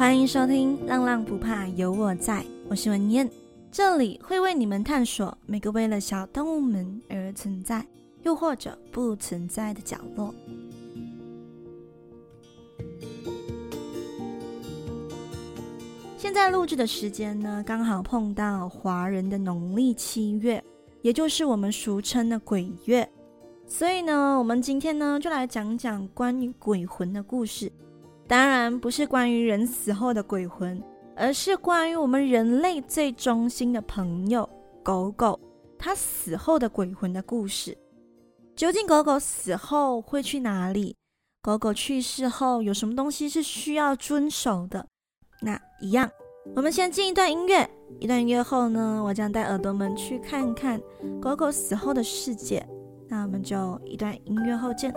歡迎收聽《浪浪不怕，有我在》，我是文燕，這裡會為你們探索每個為了小動物們而存在，又或者不存在的角落。現在錄制的時間呢，剛好碰到華人的農曆七月，也就是我們俗稱的鬼月，所以呢，我們今天呢，就來講講關於鬼魂的故事。當然不是關於人死後的鬼魂，而是關於我們人類最忠心的朋友狗狗，它死後的鬼魂的故事。究竟狗狗死後會去哪裡？狗狗去世後有什麼東西是需要遵守的？那一樣，我們先進一段音樂，一段音樂後呢，我將帶耳朵們去看看狗狗死後的世界。那我們就一段音樂後見。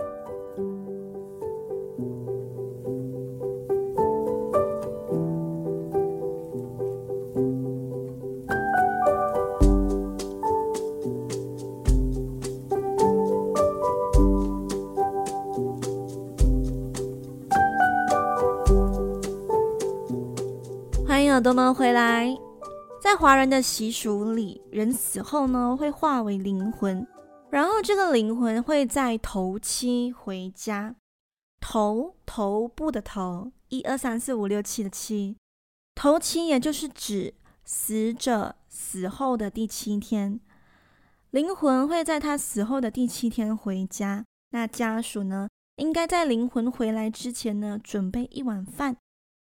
回來，在華人的習俗裡，人死後呢，會化為靈魂，然後這個靈魂會在頭七回家。頭，頭部的頭，一二三四五六七的七，頭七也就是指死者死後的第七天，靈魂會在他死後的第七天回家。那家屬呢，應該在靈魂回來之前呢，準備一碗飯，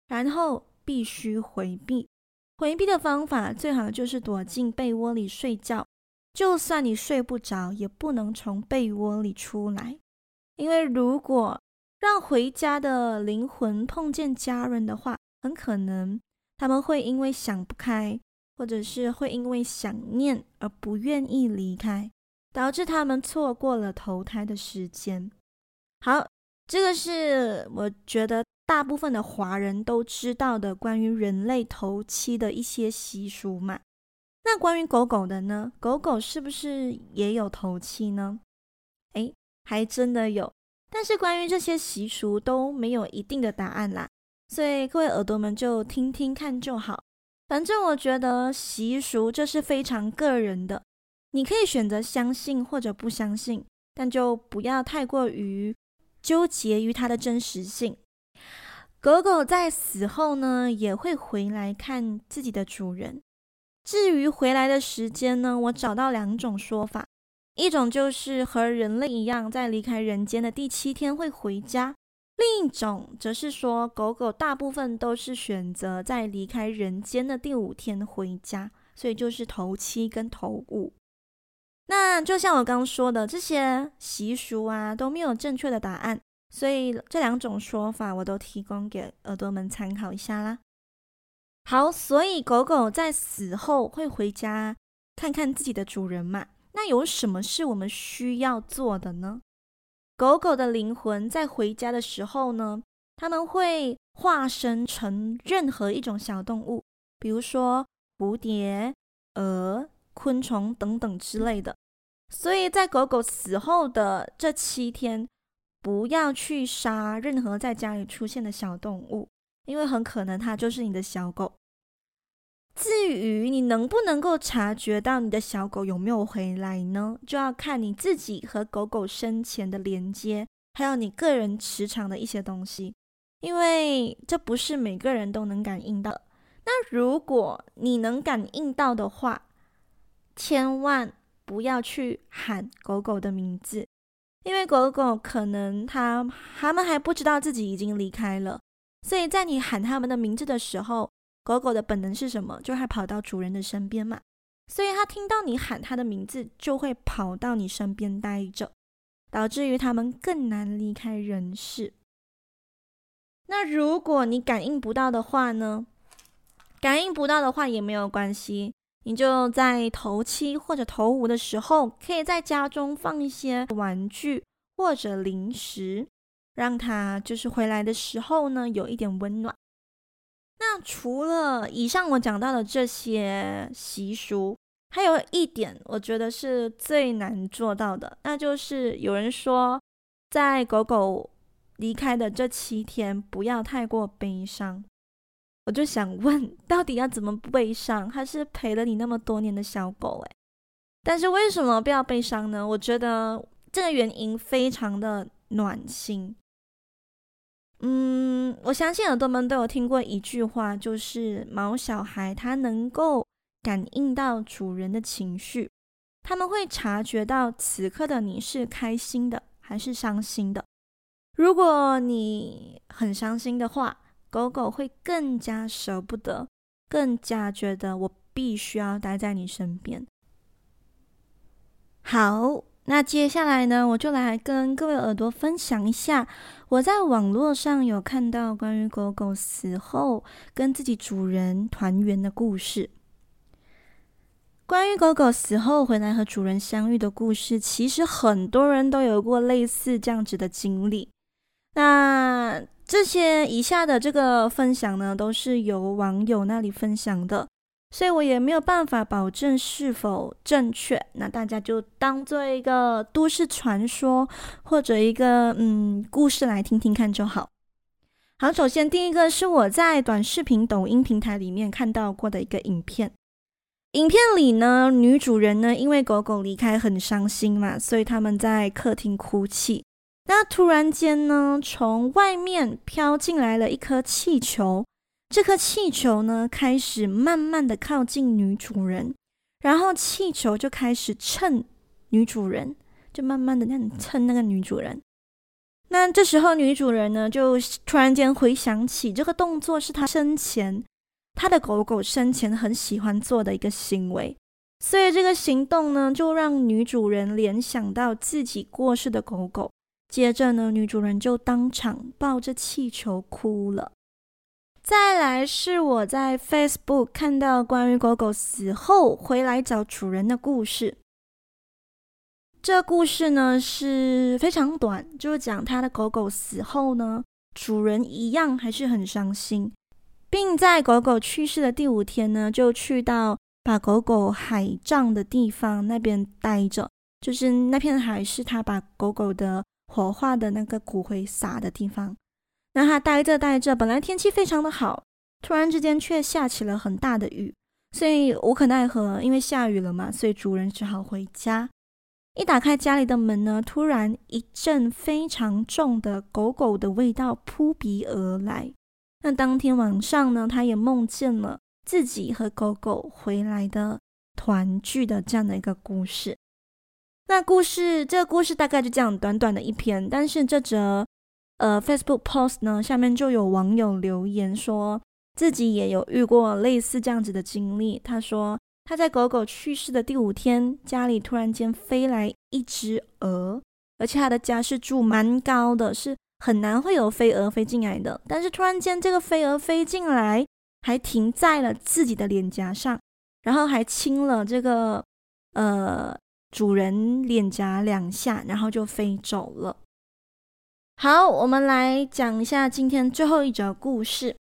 然後。必須回避，回避的方法最好就是躲進被窩裡睡覺。就算你睡不着，也不能從被窩裡出來，因為如果讓回家的靈魂碰見家人的話，很可能他們會因為想不開，或者是會因為想念而不願意離開，導致他們錯過了投胎的時間。好。這個是我覺得大部分的華人都知道的關於人類頭七的一些習俗嘛。那關於狗狗的呢？狗狗是不是也有頭七呢？誒，還真的有。但是關於這些習俗都沒有一定的答案啦，所以各位耳朵們就聽聽看就好。反正我覺得習俗這是非常個人的，你可以選擇相信或者不相信，但就不要太過於。糾結於它的真實性。狗狗在死後呢，也會回來看自己的主人。至於回來的時間呢，我找到兩種說法：一種就是和人類一樣，在離開人間的第七天會回家；另一種則是說，狗狗大部分都是選擇在離開人間的第五天回家，所以就是頭七跟頭五。那就像我剛說的，這些習俗啊，都沒有正確的答案，所以這兩種說法我都提供給耳朵們參考一下啦。好，所以狗狗在死後會回家看看自己的主人嘛？那有什麼是我們需要做的呢？狗狗的靈魂在回家的時候呢，它們會化身成任何一種小動物，比如說蝴蝶、蛾。昆蟲等等之類的，所以在狗狗死後的這七天，不要去殺任何在家裡出現的小動物，因為很可能它就是你的小狗。至於你能不能夠察覺到你的小狗有沒有回來呢？就要看你自己和狗狗生前的連接，還有你個人磁場的一些東西，因為這不是每個人都能感應到的。那如果你能感應到的話，千萬不要去喊狗狗的名字，因為狗狗可能它它們還不知道自己已經離開了，所以在你喊它們的名字的時候，狗狗的本能是什麼？就還跑到主人的身邊嘛。所以它聽到你喊它的名字，就會跑到你身邊待着，導致於它們更難離開人世。那如果你感應不到的話呢？感應不到的話也沒有關係。你就在頭七或者頭五的時候，可以在家中放一些玩具或者零食，讓它就是回來的時候呢，有一點溫暖。那除了以上我講到的這些習俗，還有一點我覺得是最難做到的，那就是有人說，在狗狗離開的這七天，不要太過悲傷。我就想問，到底要怎麼不悲傷？它是陪了你那麼多年的小狗、欸，誒，但是為什麼不要悲傷呢？我覺得這個原因非常的暖心。嗯，我相信耳朵們都有聽過一句話，就是毛小孩它能夠感應到主人的情緒，他們會察覺到此刻的你是開心的還是傷心的。如果你很傷心的話。狗狗會更加捨不得，更加覺得我必須要待在你身邊。好，那接下來呢，我就來跟各位耳朵分享一下，我在網絡上有看到關於狗狗死後跟自己主人團圓的故事。關於狗狗死後回來和主人相遇的故事，其實很多人都有過類似這樣子的經歷。那。這些以下的這個分享呢，都是由網友那裡分享的，所以我也沒有辦法保證是否正確。那大家就當做一個都市傳說或者一個嗯故事來聽聽看就好。好，首先第一個是我在短視頻抖音平台裡面看到過的一個影片。影片裡呢，女主人呢因為狗狗離開很傷心嘛，所以他們在客廳哭泣。那突然間呢，從外面飄進來了一顆氣球。這顆氣球呢，開始慢慢的靠近女主人，然後氣球就開始蹭女主人，就慢慢的那樣蹭那個女主人。那這時候女主人呢，就突然間回想起這個動作是她生前，她的狗狗生前很喜歡做的一個行為，所以這個行動呢，就讓女主人聯想到自己過世的狗狗。接着呢，女主人就當場抱着氣球哭了。再來是我在 Facebook 看到關於狗狗死後回來找主人的故事。這故事呢是非常短，就是講他的狗狗死後呢，主人一樣還是很傷心，並在狗狗去世的第五天呢，就去到把狗狗海葬的地方那邊待着，就是那片海是他把狗狗的。火化的那個骨灰撒的地方，男孩待着待着，本來天氣非常的好，突然之間卻下起了很大的雨，所以無可奈何，因為下雨了嘛，所以主人只好回家。一打開家裡的門呢，突然一陣非常重的狗狗的味道撲鼻而來。那當天晚上呢，他也夢見了自己和狗狗回來的團聚的這樣的一個故事。那故事，這個故事大概就這樣，短短的一篇。但是這則，呃，Facebook post 呢，下面就有網友留言說，自己也有遇過類似這樣子的經歷。他說，他在狗狗去世的第五天，家裡突然間飛來一隻蛾，而且他的家是住蠻高的，是很難會有飛蛾飛進來的。但是突然間，這個飛蛾飛進來，還停在了自己的臉頰上，然後還親了這個，呃。主人臉頰兩下，然後就飛走了。好，我們來講一下今天最後一則故事。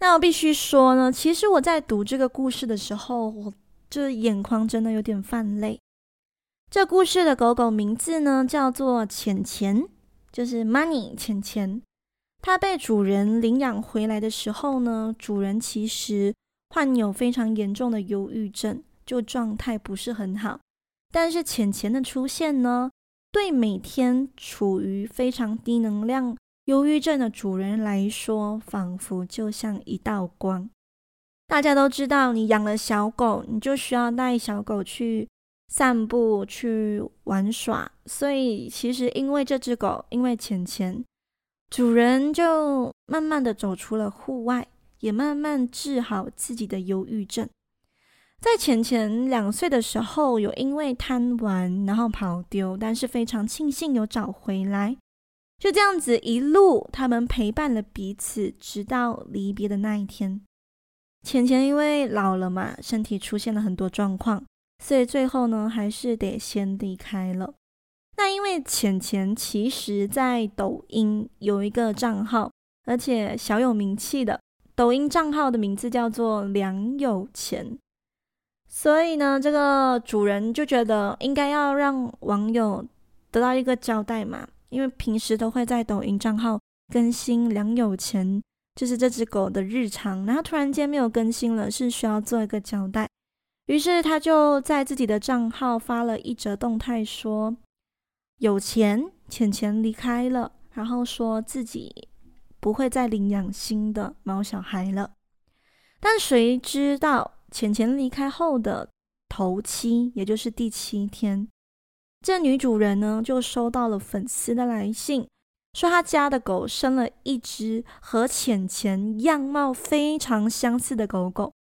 那我必須說呢，其實我在讀這個故事的時候，我這眼眶真的有點泛淚。這故事的狗狗名字呢叫做錢錢，就是 money 錢錢。它被主人領養回來的時候呢，主人其實患有非常嚴重的憂鬱症，就狀態不是很好。但是淺淺的出現呢，對每天處於非常低能量、憂鬱症的主人來說，仿佛就像一道光。大家都知道，你養了小狗，你就需要帶小狗去散步、去玩耍。所以，其實因為這隻狗，因為淺淺，主人就慢慢的走出了戶外，也慢慢治好自己的憂鬱症。在錢錢兩歲的時候，有因為貪玩然後跑丟，但是非常慶幸有找回來。就這樣子一路，他們陪伴了彼此，直到離別的那一天。錢錢因為老了嘛，身體出現了很多狀況，所以最後呢，還是得先離開了。那因為錢錢其實在抖音有一個賬號，而且小有名氣的，抖音賬號的名字叫做梁有錢。所以呢，這個主人就覺得應該要讓網友得到一個交代嘛，因為平時都會在抖音賬號更新梁有錢，就是這隻狗的日常，然後突然間沒有更新了，是需要做一個交代。於是他就在自己的賬號發了一則動態說，說有錢，錢錢離開了，然後說自己不會再領養新的毛小孩了，但誰知道。淺淺離開後的頭七，也就是第七天，這女主人呢就收到了粉絲的來信，說她家的狗生了一隻和淺淺樣貌非常相似的狗狗，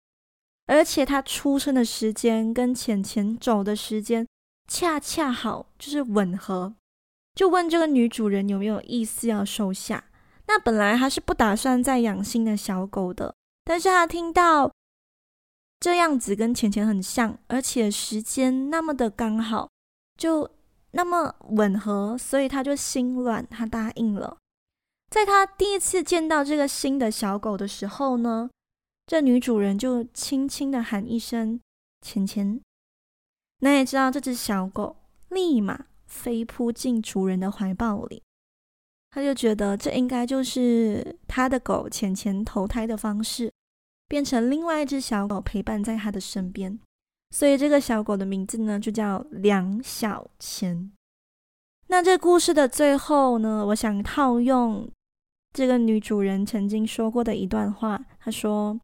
而且她出生的時間跟淺淺走的時間恰恰好就是吻合，就問這個女主人有沒有意思要收下。那本來她是不打算再養新的小狗的，但是她聽到，這樣子跟錢錢很像，而且時間那麼的剛好，就那麼吻合，所以他就心軟，他答應了。在他第一次見到這個新的小狗的時候呢，這女主人就輕輕的喊一聲“錢錢”，那也知道這只小狗立馬飛撲進主人的懷抱裡，他就覺得這應該就是他的狗錢錢投胎的方式，變成另外一隻小狗陪伴在他的身邊，所以這個小狗的名字呢就叫梁小錢。那這故事的最後呢，我想套用這個女主人曾經說過的一段話，她說：“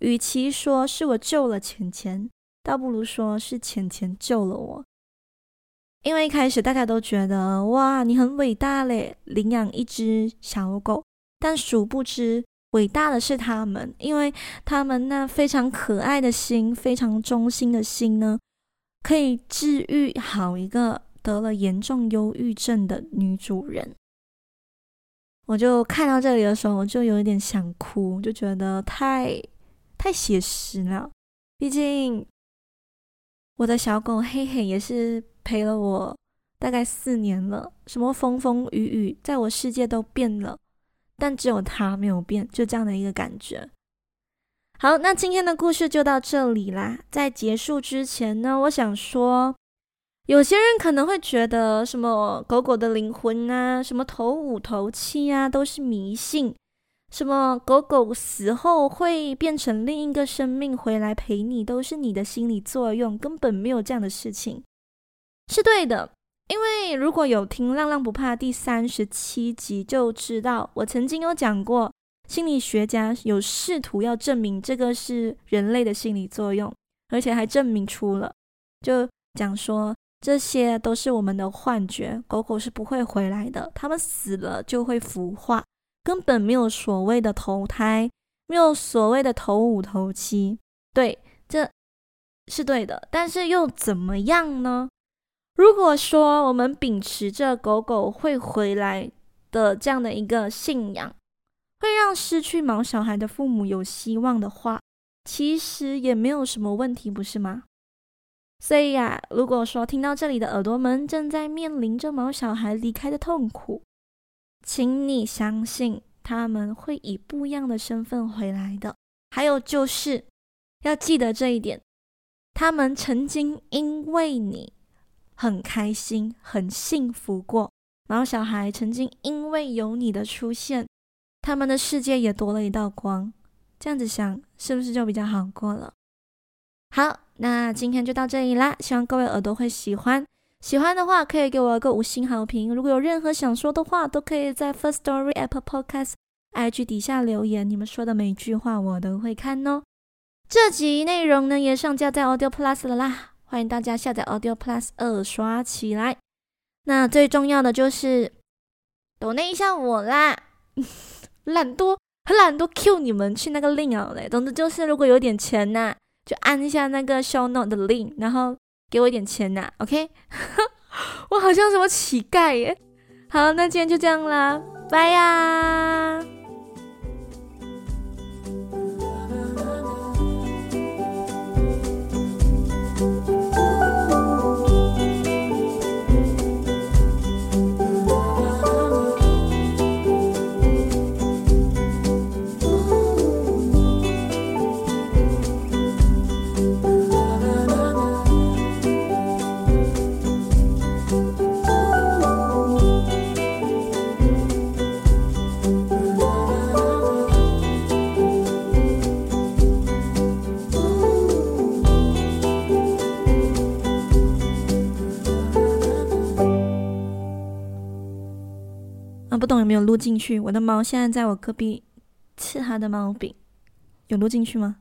與其說是我救了錢錢，倒不如說是錢錢救了我。因為一開始大家都覺得哇，你很偉大嘞，領養一隻小狗，但殊不知。”偉大的是他們，因為他們那非常可愛的心、非常忠心的心呢，可以治愈好一個得了嚴重憂鬱症的女主人。我就看到這裡的時候，我就有一點想哭，就覺得太太寫實了。畢竟我的小狗黑黑也是陪了我大概四年了，什麼風風雨雨，在我世界都變了。但只有他沒有變，就這樣的一個感覺。好，那今天的故事就到這裡啦。在結束之前呢，我想說，有些人可能會覺得什麼狗狗的靈魂啊，什麼頭五頭七啊，都是迷信；什麼狗狗死後會變成另一個生命回來陪你，都是你的心理作用，根本沒有這樣的事情，是對的。因為如果有聽《浪浪不怕》第三十七集，就知道我曾經有講過，心理學家有試圖要證明這個是人類的心理作用，而且還證明出了，就講說這些都是我們的幻覺，狗狗是不會回來的，它們死了就會腐化，根本沒有所謂的投胎，沒有所謂的頭五頭七，對，這是對的，但是又怎麼樣呢？如果說我們秉持着狗狗會回來的這樣的一個信仰，會讓失去毛小孩的父母有希望的話，其實也沒有什麼問題，不是嗎？所以啊，如果說聽到這裡的耳朵們正在面臨着毛小孩離開的痛苦，請你相信他們會以不一樣的身份回來的。還有就是，要記得這一點，他們曾經因為你。很開心，很幸福過，毛小孩曾經因為有你的出現，他們的世界也多了一道光。這樣子想，是不是就比較好過了？好，那今天就到這裡啦，希望各位耳朵會喜歡。喜歡的話，可以給我一個五星好評。如果有任何想說的話，都可以在 Firstory, Apple Podcast, IG 底下留言，你們說的每句話我都會看哦。這集內容呢，也上架在 Audio Plus 了啦。歡迎大家下載 Audio Plus 二，刷起來。那最重要的就是抖那一下我啦， 懶惰很懶惰，Q 你們去那個 link 好了。總之就是，如果有點錢吶、啊，就按一下那個 show note 的 link，然後給我一點錢吶、啊。OK， 我好像什麼乞丐耶。好，那今天就這樣啦，拜呀、啊。錄進去，我的貓現在在我隔壁吃它的貓餅，有錄進去嗎？